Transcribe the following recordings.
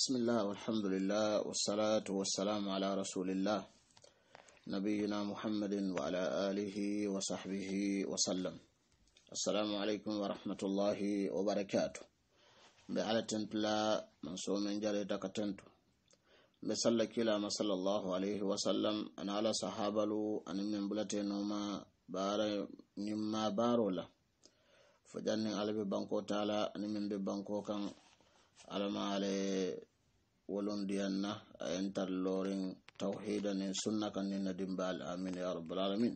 بسم الله والحمد لله والصلاة والسلام على رسول الله نبينا محمد وعلى آله وصحبه وسلم السلام عليكم ورحمة الله وبركاته بعلى تنتلا من من جاري تكتنتو بسلا كلا ما صلى الله عليه وسلم أنا على صحابة لو أنا من بلتين وما بار نما بارولا فجاني على ببنكو تعالى أن من ببنكو كان alamaale wolondiyanna a tar lorin tawhida nin sunna kan nin na dimbal amin ya rabbal alamin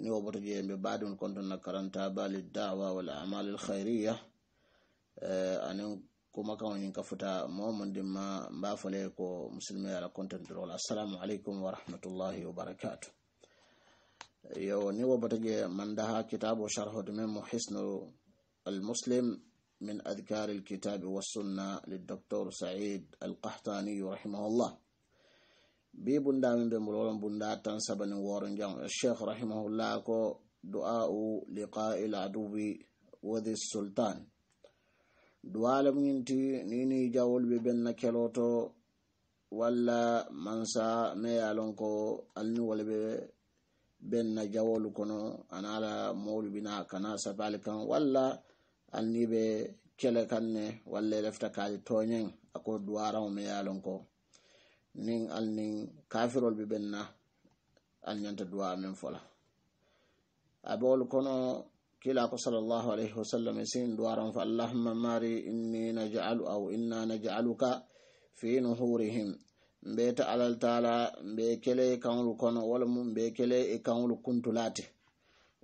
ni wo boto jeembe baadum konton na karanta bali dawa wal amal al khayriya eh, anin kuma kan yin ka futa momon dimma fale ko musulmi ala konton dirol assalamu alaikum wa rahmatullahi wa barakatu yo ni wo boto je manda ha kitabu sharhu mo al muslim من أذكار الكتاب والسنة للدكتور سعيد القحطاني رحمه الله bi bunda min be muloron bunda tan sabanin woron jam sheikh rahimahullah ko du'a'u liqa'il adubi wa sultan duwalam yinti nini jawol be ben na keloto walla mansa me yalon ko alni wala be ben na jawol kono anala mawlu bina kana sabalikan walla anniɓe kele kanne walla lefta e kaali toñen ako duwaraw me yalon ko nin alnin kafirol ɓe ɓenna alñanta duwa amen fola abool kono kilako sallllahu alayhi wasallam e sin duwaran fa allahumma mari inni najalu au inna najaluka fi nuhurihim mbe ta alal taala mbe kele kawlu kono wala mu mbe kele e kawlu kuntulate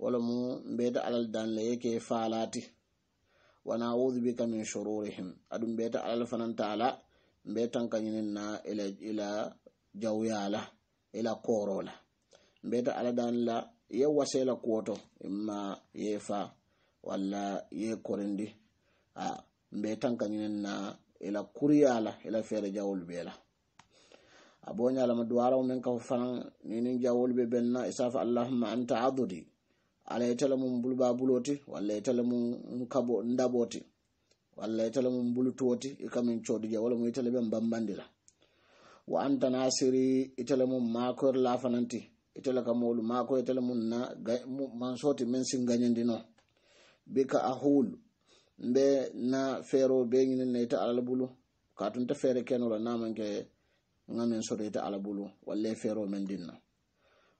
wala mu mbe e ta alal danle yeke faalati wana audu bika min shururihim aɗum beta alal fanan taala be tankañinin na ila jawyala ila korola beta ala danla ye wasela kuwoto imma ye fa walla ye korindi a be tankañinin na ila kuryala ila fere jawol bela a boñalama duwaraw min kafo fanan ninin jawol be benna isafa allahumma anta adudi ala e tole mum buluba buloti walla e tole mum kabo ndaɓoti walla e tole mum bulutuwoti ikamin e codija walla mu itele e ɓen bambandira wo anta na siri itele mum makoyr lafananti itele ka molu mako itele mum na mansoti min sin gañandino bika a hul mbe na feero be ñininna ita alalabulu ka tunta feere kenola namanke ngamin soɗo ita alabulu walla e feero men dinna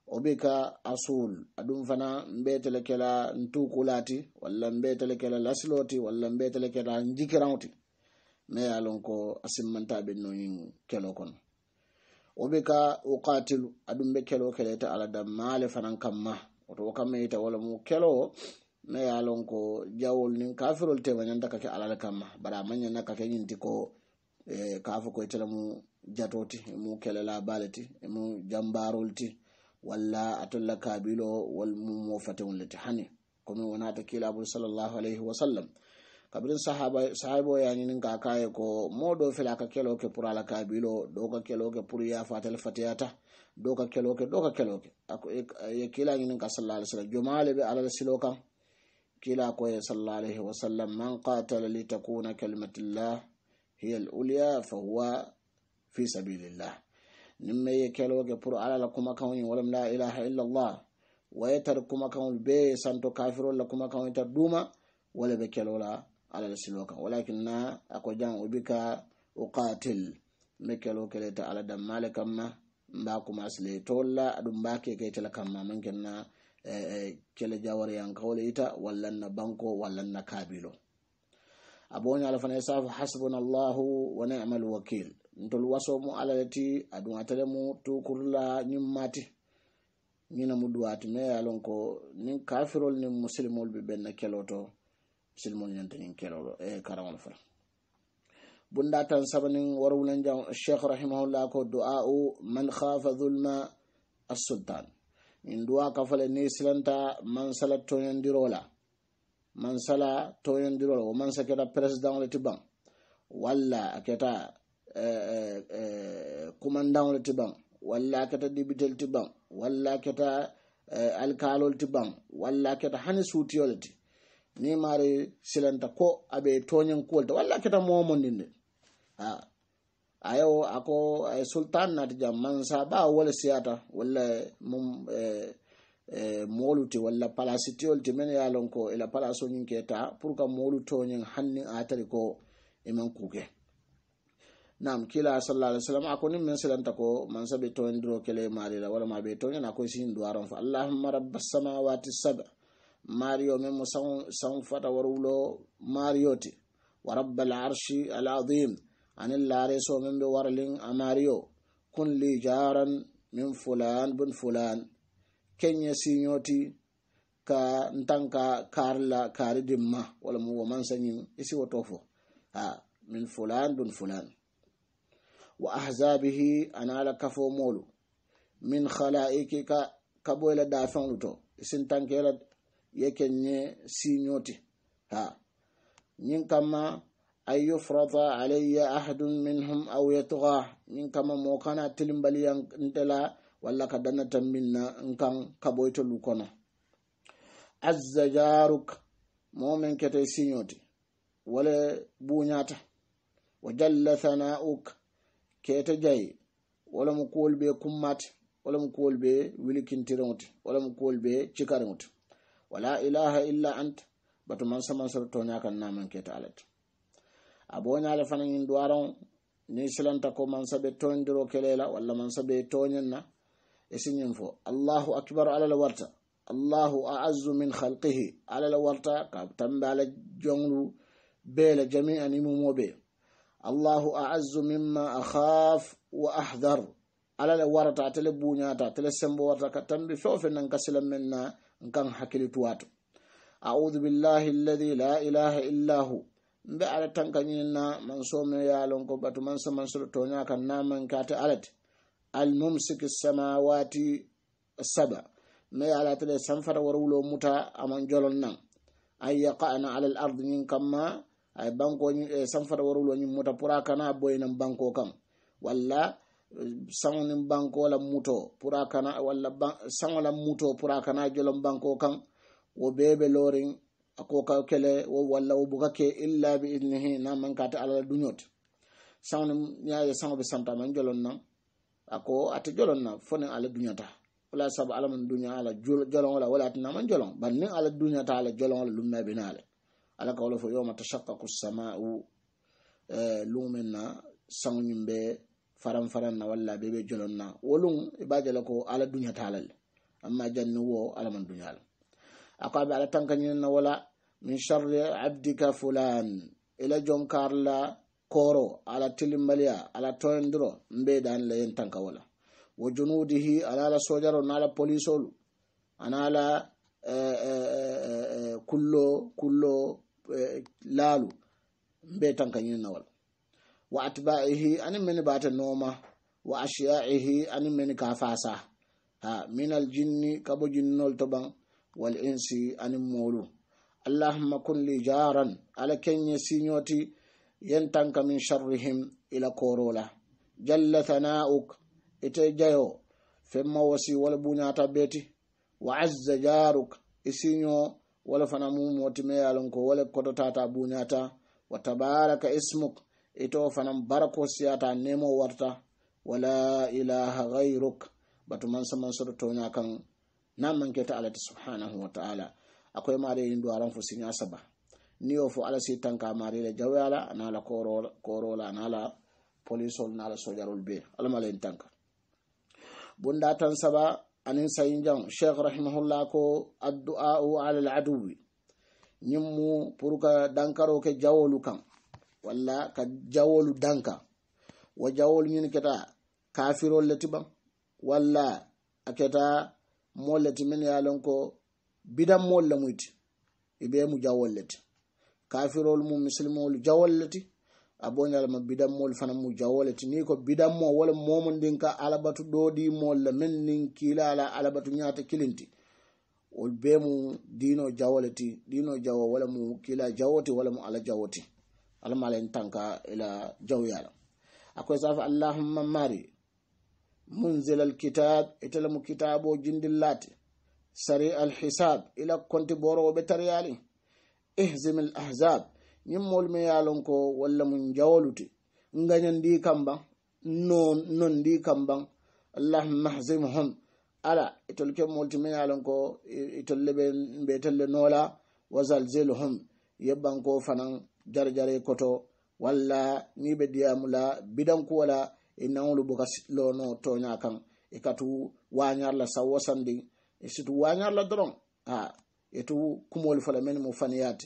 obika asul aɗum fana mbetele kela tukulati walla mbetele kela lasiloti walla mbetele kela jikirati mayalon ko asimmantaɓennoyin kelo kon obika ukatilu aɗum be kelo keleta aladam male fanan kamma otowokamayita wala mo kelo mayalon ko jawol nin kafirol temayanta kake alal kamma bara amayana kake yinti ko eh, kafo koytelamu jatoti emu kelela baleti emu jambarolti walla a atolla kabilo wal mumo fatewol kuma hani ta kila abu sallallahu alaihi wa sallam kabirin sahabo yaninin ka kaye ko do fila ka keloke pour ala kabilo ɗo e, e, ka keloke ya yafatel fatiyata ɗo ka keloke ɗo ka keloke ye kila ñinin ka alaihi wa sallam jomale ɓe alal silo kan kila ko ya alayhi wa sallam man qatala lalita kalimatillah hiya al hiyar fa huwa fi sabilillah nimme ye keloge pour alala kumakaŋoñin walam la ilaha illallah waye tar kumakaŋol be santo kafirol la kumakaŋo tar duma wala be kelola alala silo kan walakin na ako jan o bika uqatil mbe kelo keleta ala dammale kamma mba kumasile tol la aɗum mba kekeytela kamma man kenna eh, eh, kele jawaryankawole ita na banko na kabilo aboña ala fana ya safo hasbuna allahu wa Amalu wakil. ntolu waso ala le ti aduŋ mu tukulu la ñiŋ maati ñiŋ mu duwaati me ye loŋ ko niŋ kafirolu niŋ musilimolu be benna keloo to musilimolu ñanta ñiŋ keloo e eh, karaŋolu fana bunda tan sabaniŋ wara wulanjaŋ sheikh rahimahullah ko du'a'u man khafa zulma assultan ñiŋ duwa kafale niŋ silanta mansala toñondiroo la mansala toñondiroo la wo mansa keta peresidaŋo le ti baŋ walla a keta Eh, eh, eh, kumandaŋol ti baŋ walla keta dibitel ti baŋ walla keta alkalol ti baŋ walla keta hani suutiyol ti ni maari silanta ko aɓe toñen kuwol ta walla keta momondinde ha ayewo ako sultan ta jam mansa ba wole siyata walla mum moolu ti walla palasi tiyol ti men ye ko ila palasoñin ke ta pour que moolu toñen a atari ko emen kuke nam kila sallallahu alaihi wasallam akoni min silanta ko man sabe to ndiro kele mari la wala ma be to nyana ko sin duwaron fa allahumma rabbas samawati sab mario memo san san fata warulo mario ti wa rabbal arshi al azim anil lare so men be warlin a mario kun li jaran min fulan bun fulan kenya sinyoti ka ntanka karla karidimma wala mu man sanyi isi wotofo ha min fulan bun fulan wa ahzabihi anala kafo molu min khalaiki ka kabwela da fon luto tankela yake nye si ha nyin kama ay yufrata alayya ahadun minhum aw yatgha nyin kama mo kana tilimbali yang wala ka danna tamminna nkan kabwoto lukona azzajaruk momen kete si wala bunyata wajalla thanauka keete jayi wala mo kuwol be kummat wala mo kuwol be wilikintiriŋot wala mo kuwol be cikariŋot wala ilaha illa ant bato man samansoro toñakaŋ naman keta alat a boñale fanaŋ in duwaraŋo ni silanta ko mansa be toñdiro kelela walla mansa be toñen na e siñiŋ fo allahu akibaru alla la warta allahu aazu min halkihi alla la warta ka tambe ala joŋlu bee la jami animumo bee allahu aazzu mimma akhaf wa ahdar ala le warata atele buñata atele sembo warata ka tambi fewofe nan ka men na nkan hakkili tuwato audu billahi alladi la ilaha illa hu mbe ala tanka ñinin na manso some yalon ko batu man saman toña kan naman kate alate almumsiki samawati saba me ala tele sanfata wara wulo muta aman jolon nan an yaqana ala al ardi ñin ay banko e sanfata warol wañum muta pura kana boynan banko kam walla eh, sanolam bankola muto pura kana walla sanolam muto pura kana jolom banko kam wo beɓe lorin akoka kele wo walla wo bukake illa bi idnihi naman kata alala duñot sanolam ñaye sanoɓe santama jolon nan ako ate jolon na fonin ala duñata wala saabu alaman duña ala jolon ala wala ate naman jolon bannin ala duñata ala jolon ala lumnaɓinaala ala ka wala fo yawma tashaqqaqu as-sama'u eh, lumen na saŋoñum be faran faran na walla be be jolon na wolum e baje la ko ala duña talal amma janni wo ala man duña la akaɓe ala tankañinen na wala min sharri abdika fulan ila jom karla koro ala tilimbaliya ala toyondiro mbe dan la yen tanka wala wo junudihi ala ala sojaro na ala polisolu ana ala eh, eh, kullo kullo lalu mbe tanka nyin nawal wa atba'ihi anin meni bata noma wa ashiya'ihi anin meni ka fasa ha min aljinni kabo jinnol to ban wal insi anin molu allahumma kun li jaran ala kenye sinyoti yen tanka min sharrihim ila korola jalla thana'uk ite jayo femma wasi wala beti wa azza jaruk isinyo wala fana mu moti me ko wala kodo tata bunyata wa tabaraka ismuk ito fana barako siyata nemo warta wala ilaha ghayruk batu man sama sura tonya kan nan man keta alati subhanahu wa ta'ala akwai mare yin duwaran fusin ya saba ni fo ala si tanka mare la jawyala anala korola anala polisol nala sojarul be alama le tanka bunda tan saba anin sayi jam cheikh rahimahullah ko addu'a o ala al aduwi ñimmu pour ka dankaro ke jawolu kan walla ka jawolu danka wo jawolu ñin keta kafirol leti ɓan walla a keta mol leti min ya lon ko bidanmol le muyti i ɓe mu jawol leti kafirol mu misilimolu jawol leti aboni alama bidammoli fana mo jawole ti ni ko bidammo wala momon ndin ka alabatu ɗoɗimolla men nin kiilala alabatu ñaata kilinti o be mu dino jawole ti dino jawo wala mu kiila jawoti wala mu ala jawoti alamala en tanka ila jawyala akoy safi allahumma mari munzil alkitab itala mu kitabo jindillate sari alhisab ila konti borowoɓe tariyali ihzim alahzab ñiŋ moolu me ye a loŋ ko walla muŋ jawolu ti ngañandi kambaŋ non di kambaŋ allahumma hazimhum ala itol ke ala ti me ye a loŋ ko itol le betel mbeetol le noola wa zalzilhum ye banko fanaŋ jarjare koto walla ni be diyamu bidan ko wala i naŋolu buka lono tooña kaŋ i ka tu la sawwo sandiŋ i si la dron ha i tu fala men la mennu mu faniyaati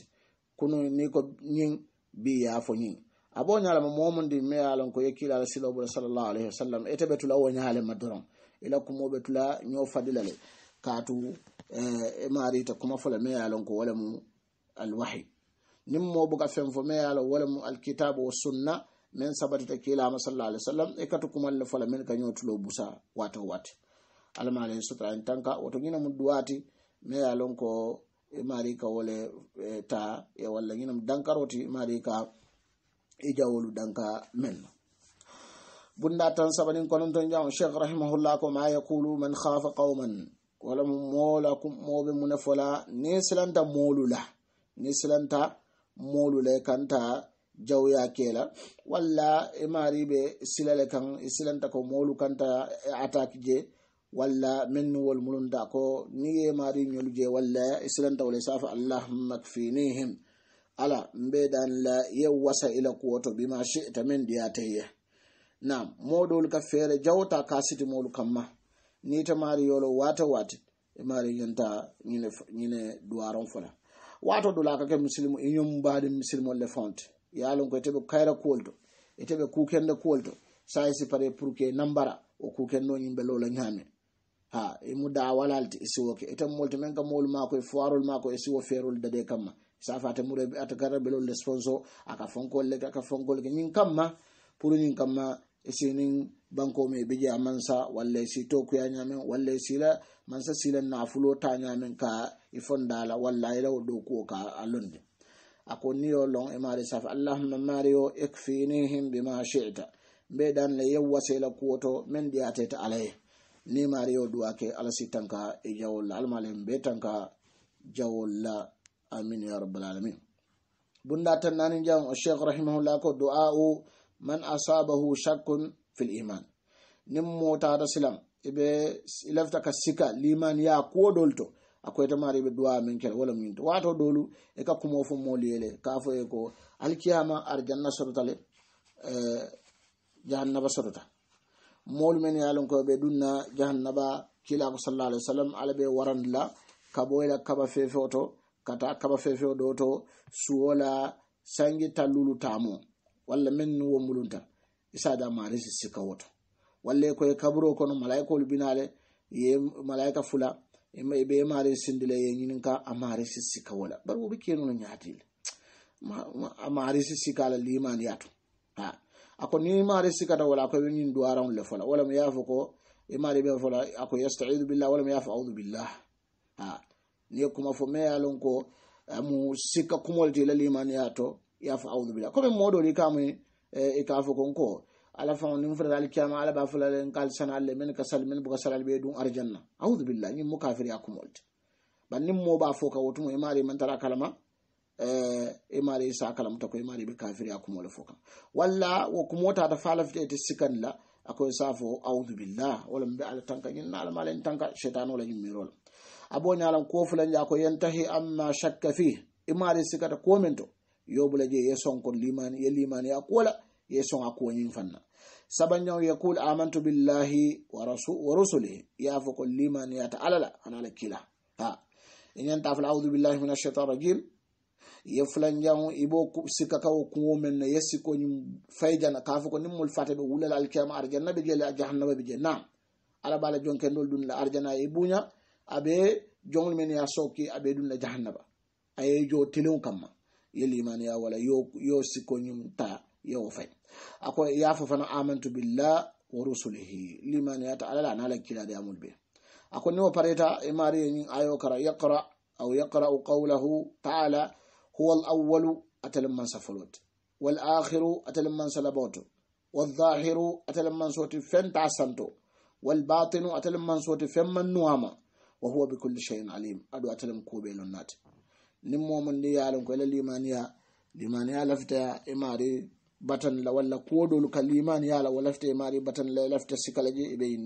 kunu ni ko nyin bi ya fo nyin abo nyala mo di me ala ko yekila ala silo bo sallallahu alaihi wasallam ete betula wo nyaale madron ila mo betula nyo fadilale katu e eh, mari ta kuma fola me ala ko wala mu wahyi nim mo buga fem fo me ala wala mu al kitab wa sunna men sabatita kila ma sallallahu alaihi wasallam e katu kuma le fola men ka tulo busa wato wat alama alayhi sutra en tanka wato gina mu duwati me ala ko mari ka wole eh, ta e walla ñinam dankaroti mari ka i jawolu danka men bunda tan sabanin kononton jam cheikh rahimahullah ko ma yaqulu man khafa qauman wala mola moola moɓe mune fola ni silanta molula ni silanta molule kanta ya kela wala e mari ɓe silale kan e silanta ko molu kanta e ataki je walla min nuwol da ko ni ye mari ñolu je walla isilantawole safa allahumma kfinihim ala mbe dan la ye wasa ila kuwoto bima ta min diyateye na moɗol ka feere jawta ka sitimolu kamma ni ta mari yolo wata wati e mari ñanta ñine duwaron fola wato dola kake musilimu e ñom mbaɗi musilimol le fonte yalon ko eteɓe kayra kuwolto eteɓe kukende kuwolto saysi e pare pour que nambara o kukenno yimɓe lola ñaame ha imu dawalalti isiwoke itan molti men ka mowol mako e foirol mako e siwo ferol de kamma safate mure ata kara belol le sponsor aka le aka fonkolle ñin kamma pour ñin kamma isinin banko mai bige a mansa wallai si to kuya nyamin wallai sila mansa silan na fulo ta nyamin ka ifon dala wallahi law do ko ka alonde ako niyo long imari saf allahumma mario ikfinihim bima shi'ta be dan le yawwa sila kuoto men diate ta alai ni mari yau duwa ke ala si tanka e jawol la almalen be tanka jawol la amin ya rabbal alamin bunda tan nani jam o sheikh rahimahullah ko du'a man asabahu shakkun fil iman nin mota da silam ibe ilafta ka sika liman ya ko dolto akwai ta mari be duwa min kel wala min to wato dolu e ka kuma fo moliyele ka fo e ko alkiyama arjanna sorotale eh jahannaba moolu men ye lon be ɓe ɗumna jahannaba kilaako sallah alih w sallam ala ɓe warandila la kaba fefeo to kata kaba fefeo ɗo to suwola sanji tallulu tamo walla men ni wo mulunta isada marisi sika woto walla koye kaburo kono malaikolu binale ye malaika fula ɓe mari sindila ye ñininka a marisi sika wola bari woɓe kenuno ñatile a marisi sikala liman yato a ako ni mare sikata wala ko yin duwaran le fola wala mi yafo ko e be fola ako yasta'idu billah wala mi yafo a'udhu billah ha ni kuma fo me yalon ko eh, mu sikka kumol te laliman yato yafo a'udhu billah ko be modo ri kam eh, e ka fo kon ko ala fa ni fura al kiyama ala ba fula len kal sana le men ka sal men bu ka sal be dun arjanna a'udhu billah ni mu kafir ban nim mo ba fo ka wotum e man tara kalama Eh, imari sa kalam ta ko imari bi kafiri wala fokan walla wo wata ta falafte sikan la akwai safo audu billah wala mbi ala tanka yin na ala mala tanka chetan wala ñimmirol aboni alan kofulanja ko yantahi amma shakka fi imali ta komento to yobula je son sonkon limani ya limani kola ya son yin fanna ya kula amantu billahi wa ya yafo kon limani ta alala ana la kila ha yanta fala audu billahi min rajim ye fulanjaŋo i bo sika kawo kuŋo meŋ na ye sikoñum fayjana ka fo ko niŋ mul fata be wulala alkiyama arjanna be je le jahannaba be je na ala bala ndol dun la arjana e buña abe jongol men ya soki abe dun la jahannaba aye jo tiliŋo kamma ye limaniya wala yo yo sikoñum ta y'o fay ako fa fana amantu billah wa rusulihi limaniya ta ala la kila da amul be ako o pareta e mari ni ayo kara yaqra aw yaqra qawluhu ta'ala هو الأول أتلمن سفلوت والآخر أتلمن سلبوت والظاهر أتلمن صوت فن تعسنتو والباطن أتلمن صوت فمن نواما وهو بكل شيء عليم أدو أتلم كوبي لنات نمو من ديالن كويل الإيمانية limaniya lafta imari batan la walla kuwodolu ka limaniya la wo lafta imari batan la lafta sikala je ibe yin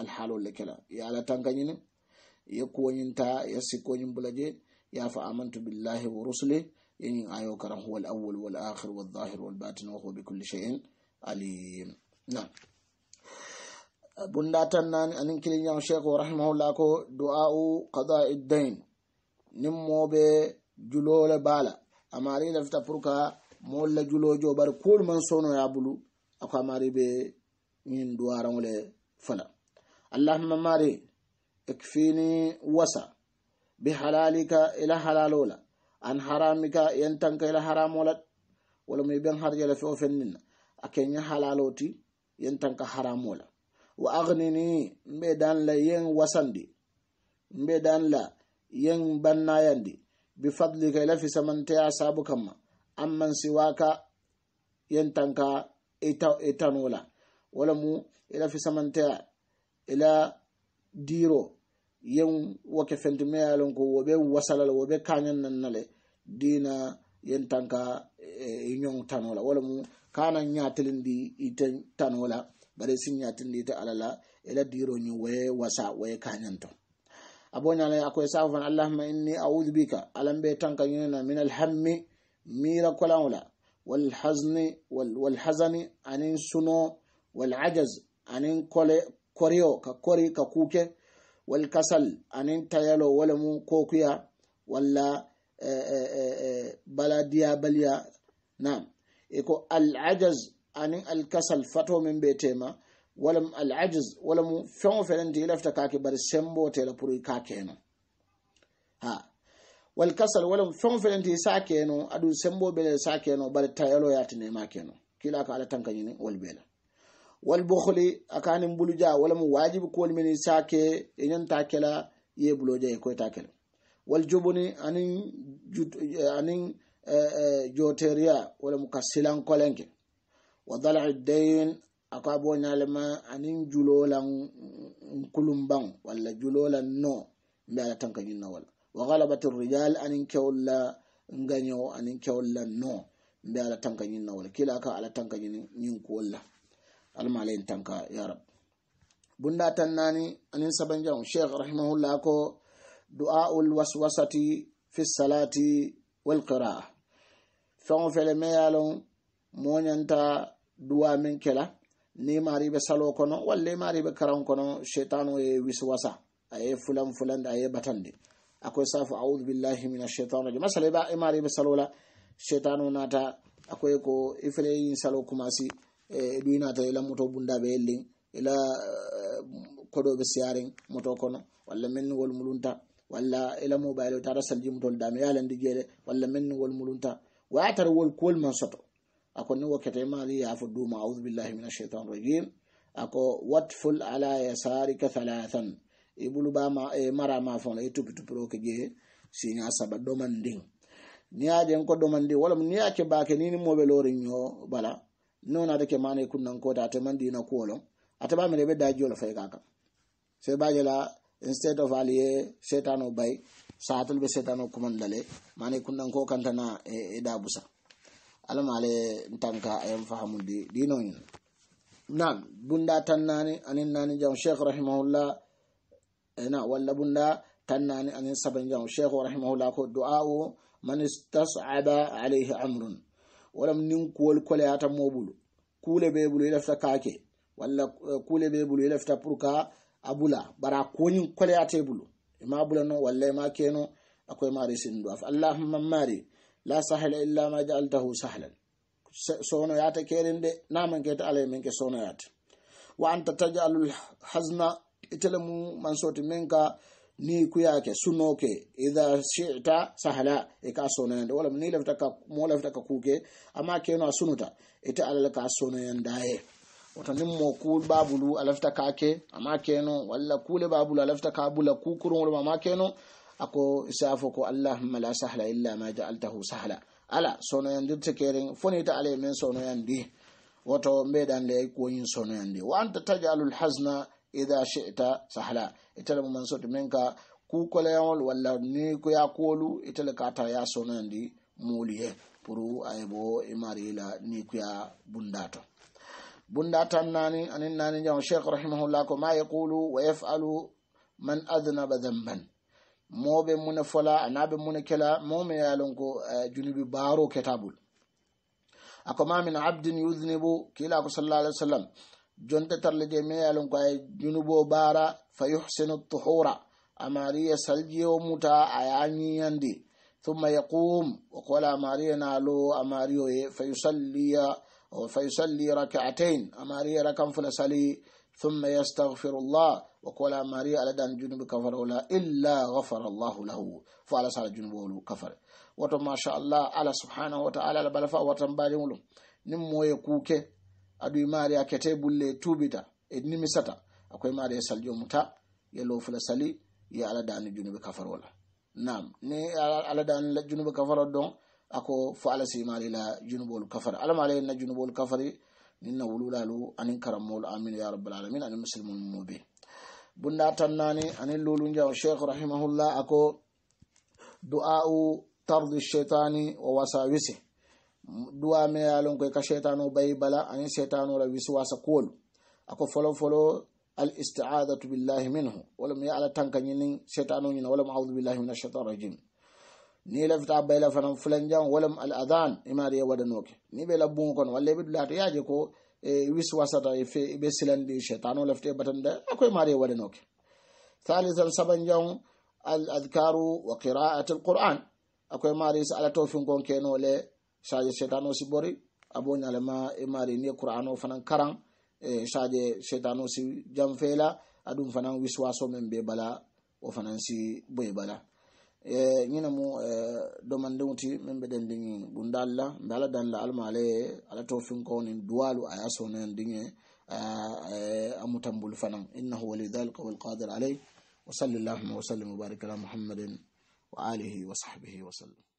alhaalol le kela ye ala tankañine ye kuwoñinta ye sikkoñin bula je ya fa amantu billahi wa rusuli in ayo karan huwal awwal wal akhir wal zahir wal batin wa huwa bi kulli shay'in alim na tan nan anin kilin sheikh wa rahimahullah ko du'a'u qada'id dain nim mobe julole bala amari fita furka molla julojo bar kul man sono ya bulu ako amari be yin duwaran wala fala allahumma mari ikfini wasa bihalalika ila halalola an haramika yentanka ila haramola walamo ben harjala feo a akenya halaloti yentanka haramola wa agnini mbe dan la yen wasandi mbe dan la yen bannayandi fadlika ila fi ya sabu yan amman siwaka yentanka itanola mu ila fi fisamanteya ila diro yen wake fentime ye ko wo be wasala kanyan nan nale dina yen tanka e, inyon ñoŋ wala mu kana ñatilindi ite tano la bari sin ñatilindi ite ala alala ila diro ni woye wasa woye kanyan to aboñala akoye safo fan allahuma inni audu bika alan be tanka ñoyna min alhammi mira kolaŋo la walhazni walhazani anin suno walajaz anin kole koriyo ka kori ka kuke wal kasal anin tayalo wala mu kokuya wala eh, eh, eh, bala diya baliya nam eko al'ajaz anin alkasal fato min be tema walam al'ajiz walamu fen o fenen ti lefta kake bar sembo tela pour kake na ha wal kasal walam fen o fenen ti sa keno adu sembo bele sake no bar tayalo ma nema keno kila ka ala tanka nyini wal bela wal bukhli akanin buluja wala mu wajibu kol min sake enyan takela ye buloja e koy takela wal jubuni anin anin eh, eh, joteria wala mu kasilan kolenke wa dal'i dayn aka bo anin julolan kulumban wala julolan no mbe ala tanka nyinna wala wa ghalabati rijal anin kewla nganyo anin kewla no mbe ala tanka nyinna wala kila aka ala tanka nyin nyin wala almalayin tanka ya rabu bunda tan nani anin saban jan sheikh rahimahullah ko du'aul waswasati fi salati wal qira'a fɛn o fɛn me moñanta duwa min kela ni mari be salo kono walle mari be karan kono shaitanu ye wiswasa aye fulan fulan da aye batande akwai safu a'udhu billahi minash shaitani rajim masala ba imari be salo la na nata akwai ko ifle yin salo kumasi. E, ɗuynata ila moto bundaɓe yellin ila eh, koɗoɓe siyarin moto kono walla min wol mulunta walla ila mobile o tara salji mutol dame di jeeɗe walla min wol mulunta wayatar wol kol man soto ako ni wokkete maali yaafo duma audu billahi min ashaitan rajim ako watful ala yasarika halathan e ɓulubama e ma fono e tupi ke jeye siña saba ɗoman ndin ni je ko ɗoman ndi ke ni yake bake ni moɓe lorin nyo bala no na dake mane kunnan ko da ta mandi na a kuolo ataba mere be daji wala fai kaka sai ba jela instead of aliye setano bai satul be setano kuma dale mane kunnan ko kanta na e, e da busa alamale ntanka ayam fahamu di dino ni na bunda tannani anin nani jam sheikh rahimahullah ina e walla bunda tannani anin saban jam sheikh rahimahullah ko du'a man istas'aba alayhi amrun walam nin kuwol koleyata mo mobulu kule be bulu i lafita kake walla eh, kule be bulu i lafita pour a bula bara a koñin koleyate bulu ima bula no walla ima keno akoye mari sindu af allahumma mari la sahla illa ma jaaltahu sahlan ta kerin de naman keta alaye min ke ta wa anta tajalu ita itele mu man soti min ka ni kuya ke suno ke idha shi'ta sahala e ka sona yanda wala ni lafta ka mo lafta ka kuke amma ke no sunuta ita alal ka sono yanda ye wata nin mo ku babulu alafta ka ke amma ke no walla kule babulu alafta ka bula ku kurun wala amma ke no ako isafo ko allahumma la sahla illa ma ja'altahu sahla ala sona yanda ta kerin foni ta ale men sono yandi wato mbe dan da yake koyin sono yandi wa anta tajalul hazna idha shi'ta sahla itala mu mansot minka ku kola walla ni ko ya kolu itala kata ya sonandi muliye puru aybo imarila ni ku ya bundato bundata nani anin nani jam sheikh rahimahullah ko ma yaqulu wa yaf'alu man adnaba dhanban mobe muna fola anaɓe muna kela momi yalon ko junubi baro ketabul ako min abdin yudnibu kila ko sallallahu alih jonte tarlije me alon ko ay junubo bara fa yuhsinu tuhura amariya saljiyo muta ayani yandi ثم يقوم وقال أماري نالو أماري فيصلي فيصلي ركعتين أماري ركم فلسلي ثم يستغفر الله وقال أماري على دان جنوب كفر ولا إلا غفر الله له فعلى سال جنوب كفر وتما شاء الله على سبحانه وتعالى بلفا وتنبالي ولم نمو يكوكي aɗum maari a kete bulle tubita e nimisata akoye maari e sal jomuta ye lofula sali ye aladani junube kafarola nam ni aladani junube kafaro don ako fo ala simari la junubolu ala alamaala na junubolu kafari nin na wululalu anin karammolu amin ya rabbal alamin anin musilmol mumobe bunda tannani anin lolu jaw cheikh rahimahullah ako du'a'u tardi cheitani wa wasawise duwa me ye lon ko ka setano bai bala aniŋ setano la wiswasa kuwolu a ko folofolo al istiadatu billahi minhu wala ye ala tanka ñiniŋ setano wala walamu audu billahi na ashaitan rajim ni lafita bai la fanaŋ fulanjaŋ walamu al adhan imaari ye wadano ke ni bai la buŋo kono walla e, i e, e, be dulaato ye a je ko wisiwasata fe i be silandi setano la fita batanda a ko imaari ya wadano ke thalithan sabanjaŋ al adkaru wa qiraati al qur'an a ko imaari si ala tofin kon ke le saje setano si bori abo ñalema e mari ni e qur'ano fanan karan e saje setano si jamfela adum fanan wiswaso men be bala o fanan si boy bala e ñina mu e, domandewti men be den dingi bundalla mbe ala danla almalaye ala to finkowonin duwalu aya sonen dingi e, a mutambul fanan innahu wali dhalika wal qadir alayhi wa sallallahu wa sallam wa barik ala muhammadin wa alihi wa sahbihi wa sallam